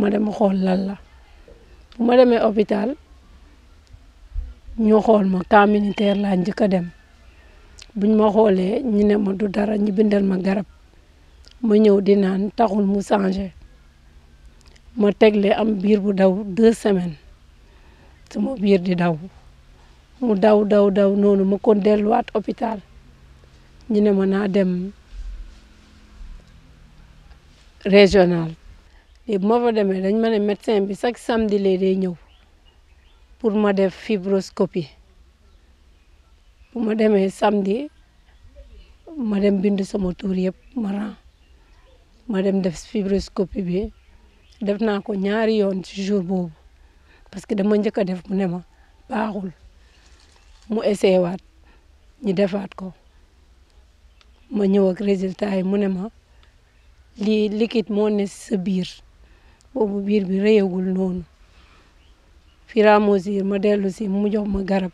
ma dem xool lan la bu ma demee hopital ñu xool ma camp militaire laa njëkk a dem buñ ma xoolee ñu ne ma du dara ñu bindal ma garab ma ñëw di naan taxul mu changé ma tegle am biir bu daw deux semaines sama biir di daw mu daw daw daw noonu ma kon delluwaat hôpital ñu ne ma naa dem régional léegi ma fa demee dañ ma ne bi chaque samedi lee day ñëw pour ma def fibroscopie bu ma demee samdi ma dem bind sama tur yëpp ma ran ma dem def fibroscopie bi def naa ko ñaari yoon ci jour boobu parce que dama njëkk a def mu ne ma baaxul mu essayé waat ñu defaat ko ma ñëw ak résultat yi mu ne ma lii liquide moo ne sa biir. boobu biir bi réyagul noonu fur et ma dellu si mu jox ma garab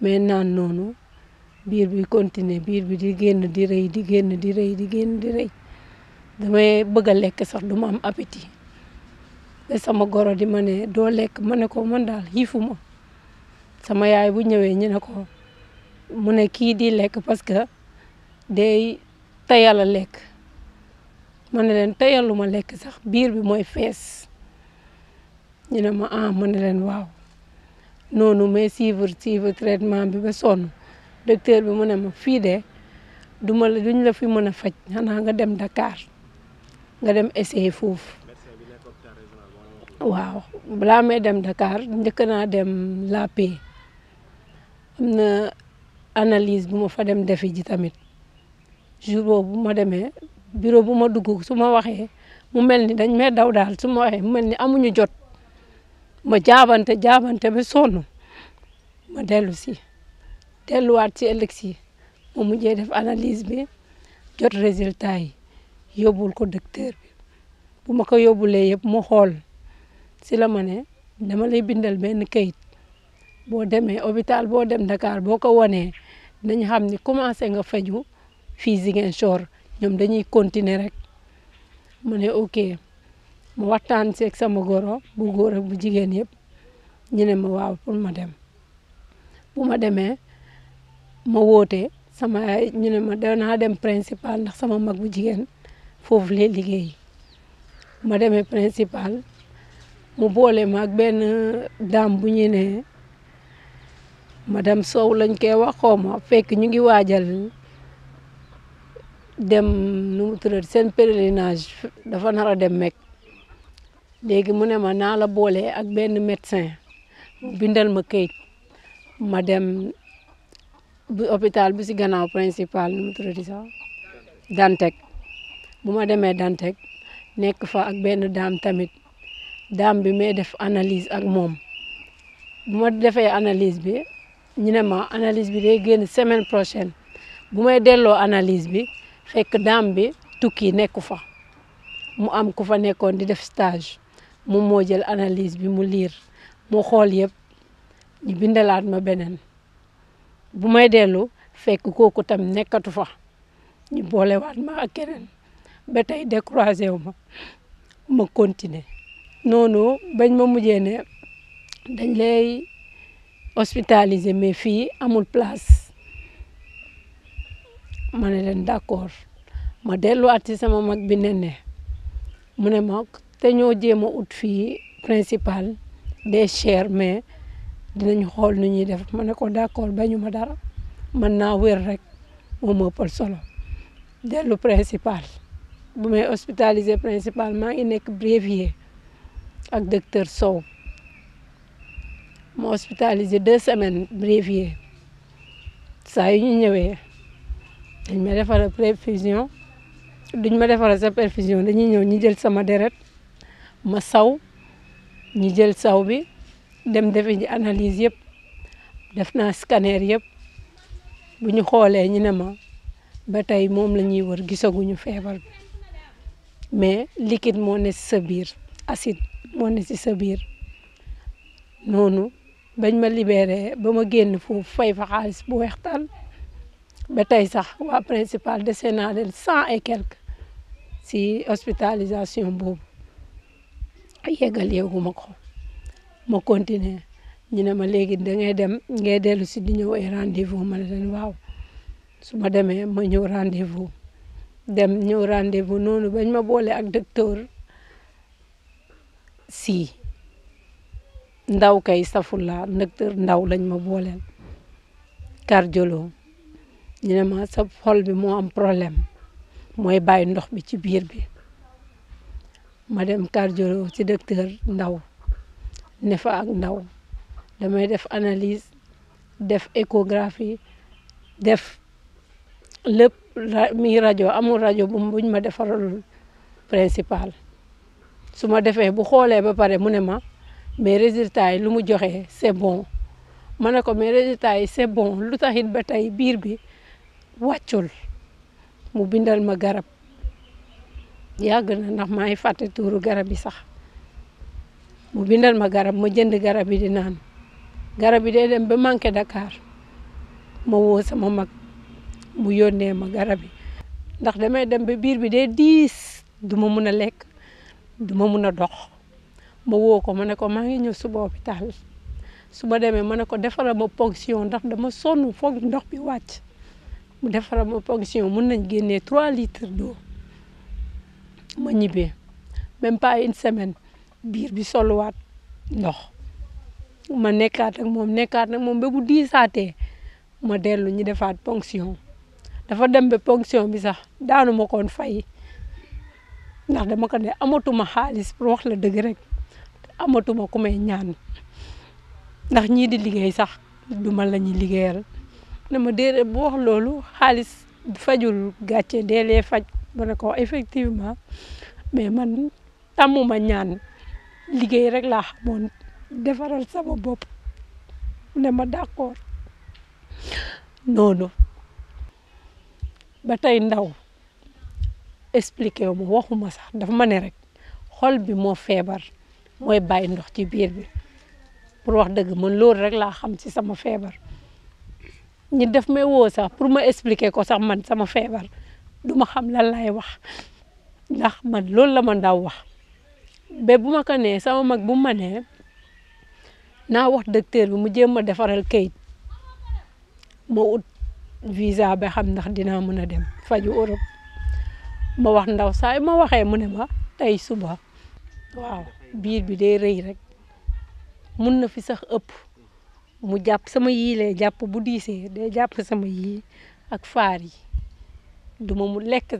mais naan noonu biir bi continuer biir bi di génn di rëy di génn di rëy di génn di rëy damay bëgg a lekk sax du ma am appétit te sama goro di ma ne doo lekk ma ne ko man daal xiifuma sama yaay bu ñëwee ñu ne ko mu ne kii di lekk parce que day tayal a lekk ma ne leen teyal lu ma lekk sax biir bi mooy fees ñu ne ma ah ma ne leen waaw noonu may suivre suivre traitement bi ba sonn docteur bi mu ne ma fii de du ma la duñ la fi mën a faj xanaa nga dem dakaar nga dem essayer foofu waaw laa may dem Dakar njëkk naa dem La Paix am na analyse bu ma fa dem defi ji tamit jour boobu ma demee bureau bu ma dugg su ma waxee mu mel ni dañ may daw daal su ma waxee mu mel ni amuñu jot ma jaabante jaabante ba sonn ma dellu si delluwaat si ëllëg si mu mujjee def analise bi jot résultat yi yóbbul ko docteur bi bu ma ko yóbbulee yëpp mu xool si la ma ne dama lay bindal benn kayit boo demee hôpital boo dem Dakar boo ko wanee dañ xam ni commencé nga faju fii Ziguinchor ñoom dañuy continuer rek mu ne ok mu waxtaan si sama goro bu góor bu jigéen yëpp ñu ne ma waaw pour ma dem bu ma demee ma woote sama ñu ne ma danaa dem principal ndax sama mag bu jigéen foofu lay liggéey ma demee principal mu boole ma ak benn daam bu ñu ma dem Sow lañ koy wax xaw ma fekk ñu ngi waajal. dem nu mu tuddati seen pèlerinage dafa nar a dem Mecque léegi mu ne ma naa la boole ak benn médecin mu bindal ma këyit ma dem bu hôpital bi si gannaaw principal nu mu tuddati sax Dantec bu ma demee danteg nekk fa ak benn daam tamit daam bi may def analyse ak moom bu ma defee analyse bi ñu ne ma analyse bi day génn semaine prochaine bu may delloo analise bi. fekk daam bi tukki nekku fa mu am ku fa nekkoon di def stage moom moo jël analyse bi mu liir mu xool yëpp ñu bindalaat ma beneen bu may dellu fekk kooku tam nekkatu fa ñu boolewaat ma ak keneen ba tey découragé wu ma ma continuer noonu bañ ma mujjee ne dañ lay hospitaliser mais fii amul place ma ne leen d'accord ma delluwaat ci sama mag bi ne mu ne ma te ñoo jéem a ut fii principal des cher mais dinañ xool nu ñuy def ma ne ko d'accord bañu ma dara man naa wér rek moom moo ëppal solo dellu principal bu may hospitalisé principal maa ngi nekk Brévier ak docteur Sow ma hospitalisé deux semaines Brévier saa yu ñu ñëwee. dañ ma defaral perfusion duñ ma defaral sa perfusion dañuy ñëw ñi jël sama deret ma saw ñi jël saw bi dem defe ji analyse yëpp def naa scanner yëpp bu ñu xoolee ñu ne ma ba tey moom la ñuy wër gisaguñu feebar bi mais liquide moo ne si sa biir acide moo ne si sa biir noonu bañ ma libere ba ma génn foofu fay fa xaalis bu weextaan ba tey sax waa principal dese naa leen cent et quelque si hospitalisation boobu yeggal yeeguma ko ma continuer ñu ne ma léegi da ngay dem ngay dellu si di ñëw ay rendez-vous ma ne leen waaw su ma demee ma ñëw rendez-vous dem ñëw rendez-vous noonu bañ ma boole ak docteur sii ndaw kay safula docteur ndaw lañ ma booleel cardiologue ñu ne ma sa xol bi moo am problème mooy bàyyi ndox bi ci biir bi ma dem cardio ci docteur Ndaw ne fa ak Ndaw damay def analyse def échographie def lépp mi rajo amul rajo bu buñ ma defaralul principal su ma defee bu xoolee ba pare mu ne ma mais résultat yi lu mu c'est bon ma ne ko mais résultat yi c'est bon lu taxit ba tey biir bi. wàccul mu bindal ma garab yàgg na ndax maa ngi fàtte tuuru garab yi sax mu bindal ma garab ma jënd garab yi di naan garab yi day dem ba manqué Dakar ma woo sama mag mu yónnee ma garab yi ndax damay dem ba biir bi day diis du ma mun a lekk du ma mun a dox ma woo ko ma ne ko maa ngi ñëw suba hôpital su ma demee ma ne ko defaral ma ponction ndax dama sonn foog ndox bi wàcc mu defaral ma fonction mën nañ génné 3 litres d'eau ma ñibé même pas une semaine bir bi wat ndox ma nekkat ak mom nekkat nak mom ba bu ma dellu ñi defaat ponction dafa dem ba ponction bi sax daanu ma koon fay ndax dama ko ne amatuma xaalis pour wax la dëgg rek amatuma ku may ñaan ndax ñi di liggéey sax duma la liggéeyal ne ma déedéet bu wax loolu xaalis fajul gàcce dele faj ma ne ko effectivement mais man tàmmuma ñaan liggéey rek laa xamoon defaral sama bopp ne ma d'accord noonu ba tey ndaw expliqué wu ma waxuma sax dafa ma ne rek xol bi moo feebar mooy bàyyi ndox ci biir bi pour wax dëgg man loolu rek laa xam ci sama feebar ñi def may woo sax pour ma expliquer ko sax man sama feebar du ma xam lan lay wax ndax man loolu la ma ndaw wax ba bu ma ka nee sama mag bu ma nee naa wax docteur bi mu jéem a defaral kayit ma ut visa ba xam ndax dinaa mën a dem faju Europe ma wax ndaw saay ma waxee mu ne ma tey suba waaw biir bi day rëy rek mun na fi sax ëpp mu jàpp sama yii lay jàpp bu diisee day jàpp sama yii ak faar yi du mu lekk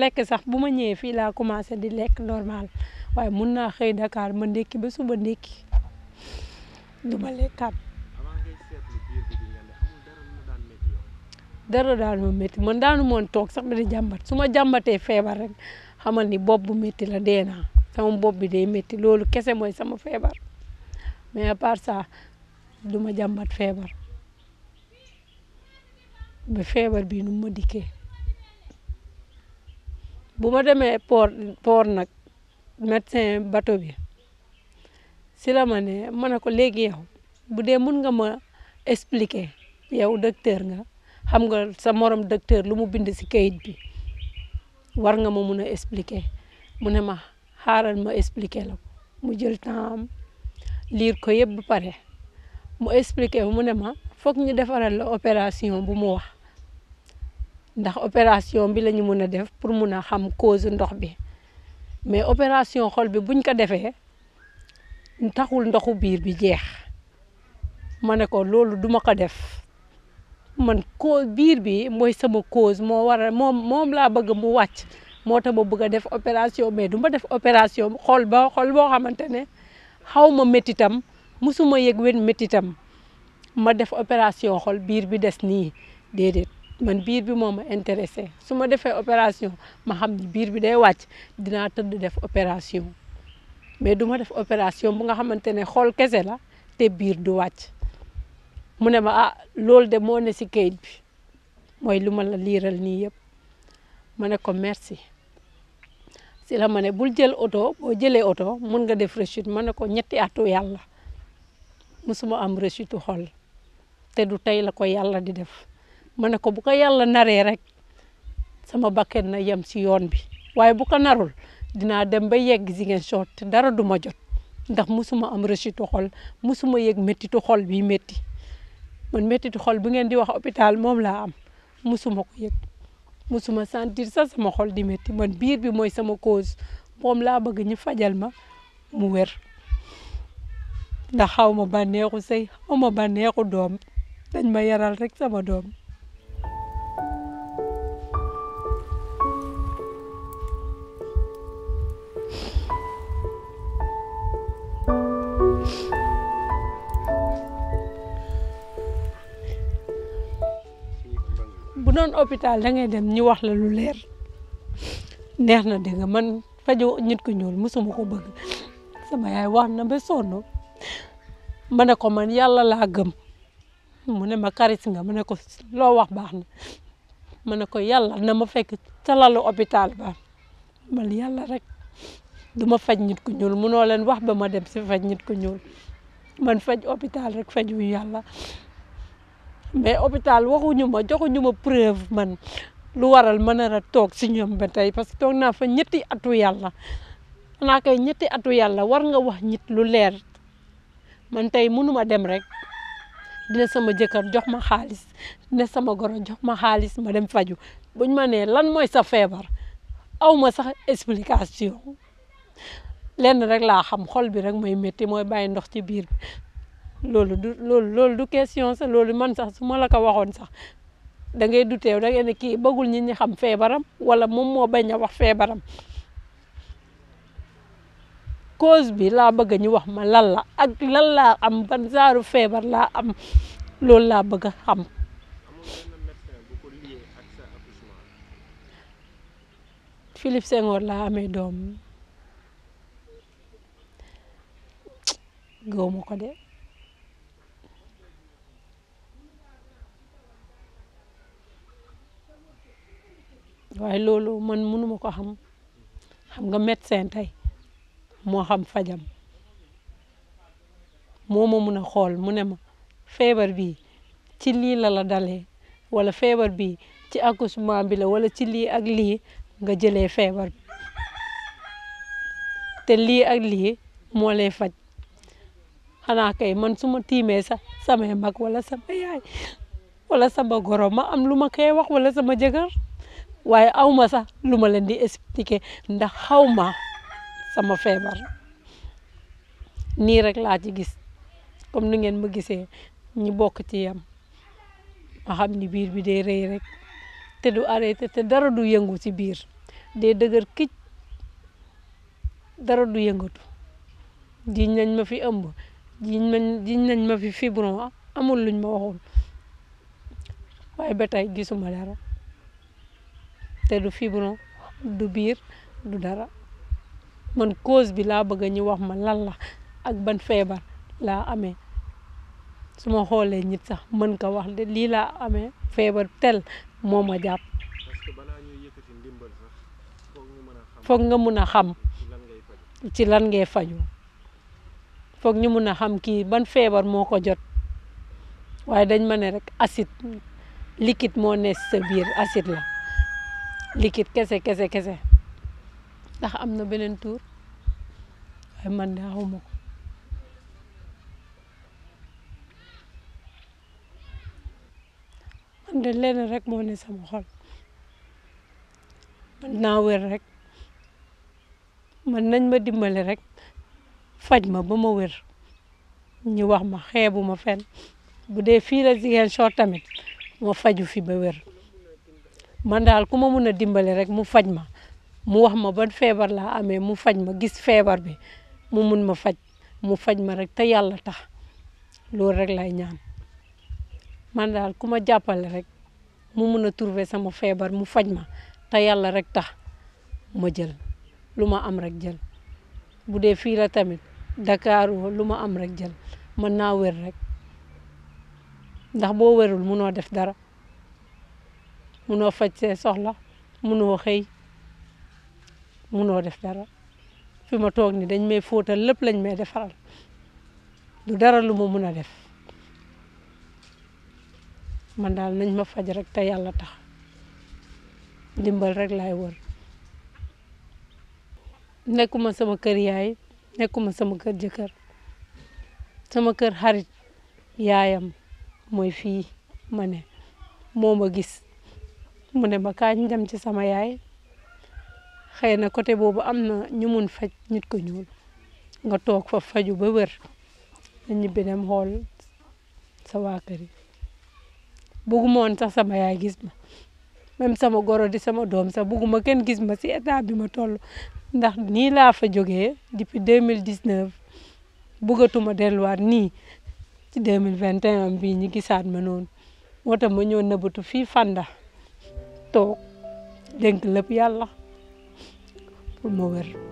lekk sax bu ma ñëwee fii laa commencé di lekk normal waaye mun naa xëy Dakar ma ndékki ba suba ndékki du ma lekkaat dara daal ma métti man daanu moon toog sax di jàmbat su ma jàmbatee feebar rek xamal ni bopp bu métti la dee naa sama bopp bi day métti loolu kese mooy sama feebar mais à part du ma jàmbat feebar ba feebar bii nu ma dikkee bu ma demee port port nag médecin bateau bi si la ma ne ma ne ko léegi yow bu dee mun nga ma expliquer yow docteur nga xam nga sa morom docteur lu mu bind si kayit bi war nga ma mun a expliquer mu ne ma xaaral ma expliquer la ko mu jël temps am liir ko yëpp ba pare. mu expliquer mu ne ma foog ñu defaral la opération bu mu wax ndax opération bi la ñu mun a def pour mun a xam cause ndox bi mais opération xol bi buñ ko defee taxul ndoxu biir bi jeex ma ne ko loolu duma ko def man cause biir bi mooy sama cause moo war a moom moom laa bëgg mu wàcc moo tax ma bëgg a def opération mais du ma def opération xol ba xol boo xamante ne xaw ma métitam musuma yëg wen métitam ma def opération xol biir bi des nii déedéet man biir bi moo ma intéressé su ma defee opération ma xam ni biir bi day wàcc dinaa tëdd def opération mais duma def opération bu nga xamante ne xol kese la te biir du wàcc mu ne ma ah loolu de moo ne si kayit bi mooy lu ma la liiral nii yëpp ma ne ko merci si la ma ne bul jël oto boo jëlee oto mun nga def rechute ma ne ko ñetti atu yàlla ma am rëccu xol te du tey la ko yàlla di def ma ne ko bu ko yàlla naree rek sama bakkan na yem si yoon bi waaye bu ko narul dinaa dem ba yegg Ziguinchor te dara du ma jot ndax musuma am rëccu xol musuma yëg méttitu xol bi métti man méttitu xol bi ngeen di wax hôpital moom laa am musuma ko yëg musuma sentir sax sama xol di métti man biir bi mooy sama cause moom laa bëgg ñu fajal ma mu wér ndax xaw ma bànneexu sëy xaw ma bànneexu doom dañ ma yaral rek sama doom bu doon hôpital da ngay dem ñi wax la lu leer neex na dégg nga man faju nit ku ñuul mosuma ko bëgg sama yaay wax na ba sonn ma ko ya ya ya man yalla la gëm mune ma karis nga ma ko lo wax baxna na ko yalla na ma fekk hôpital ba man yalla rek duma fajj nit ku ñuul mëno leen wax ba ma dem ci fajj nit ku ñuul man fajj hôpital rek faju yalla mais hôpital waxu ñuma joxu ñuma preuve man lu waral ma nar a toog si ba tay parce que tok na fa ñetti atu yalla na kay ñetti atu yalla war nga wax nit lu leer man tey mënuma dem rek dina sama jëkkër jox ma xaalis dina sama goro jox ma xaalis ma dem faju buñ ma nee lan mooy sa feebar aw ma sax explication lenn rek laa xam xol bi rek mooy métti mooy bàyyi ndox ci biir bi loolu du loolu loolu du question sax loolu man sax su ma la ko waxoon sax da ngay teew da ngay ne kii bëggul nit ñi xam feebaram wala moom moo bañ a wax feebaram cause bi laa bëgg ñu wax ma lan la ak lan laa am ban genre feebar laa am loolu laa bëgg a xam Philippe Senghor laa amee doom gëw ma de waaye loolu man mënuma ko xam xam nga met tey moo xam fajam moo ma mun a xool mu ne ma feebar bi ci lii la la dalee wala feebar bi ci accouchement bi la wala ci lii ak lii nga jëlee feebar bi te lii ak lii moo lay faj xanaa kay man su ma tiimee sax samay mag wala sama yaay wala sama goro ma am lu ma wax wala sama jëkkër waaye aw ma sax lu ma leen di expliquer ndax xaw ma sama feebar nii rek laa ci gis comme ni ngeen ma gisee ñi bokk ci yam ma xam ni biir bi day rëy rek te du arrêté te dara du yëngu ci biir day dëgër kicc dara du yëngatu jiñ nañ ma fi ëmb jiñ nañ jiñ nañ ma fi fibron amul luñ ma waxul waaye ba tey gisuma dara te du fibron du biir du dara man cause bi laa bëgg ñu wax ma lan la ak ban feebar laa ame su ma xoolee nit sax mën ko wax de lii laa amee feebar tel moo ma jàpp foog nga mun a xam ci lan ngay faju foog ñu mun a xam kii ban feebar moo ko jot waaye dañ ma ne rek acide liquide moo ne sa biir acide la liquide kese kese kese ndax am na beneen tur waaye man de xawma ko man moo ne sama xol man naa wér rek man nañ ma dimbali rek faj ma ba ma wér ñu wax ma xeebu ma fen bu dee fii la jigéen tamit ma faju fi ba wér man daal ku ma mun a dimbali rek mu faj ma mu wax ma ban feebar laa amee mu faj ma gis feebar bi mu mun ma faj mu faj ma rek te yàlla tax loolu rek lay ñaan man daal ku ma jàppale rek mu mun a trouver sama feebar mu faj ma te yàlla rek tax ma jël lu ma am rek jël bu dee fii la tamit Dakar lu ma am rek jël mën naa wér rek ndax boo mu noo def dara munoo faj see soxla munoo xëy noo def dara fi ma toog ni dañ may fóotal lépp lañ may defaral du dara lu ma a def man daal nañ ma faj rek te yàlla tax dimbal rek laay wër nekkuma sama kër yaay nekkuma sama kër jëkkër sama kër xarit yaayam mooy fii ma ne moo ma gis mu ne ma kañ dem ci sama yaay xëy na côté boobu am na ñu faj nit ko ñuul nga toog fa faju ba wér da ñibbi dem xool sa waa kër yi woon sax sama yaay gis ma même sama goro di sama doom sax bugguma kenn gis ma si état bi ma toll ndax nii laa fa jógee depuis 2019 buggatuma delluwaat nii ci 2021 bii ñi gisaat ma noon moo tax ma ñëw nëbbatu fii Fanda toog dénk lépp yàlla mover.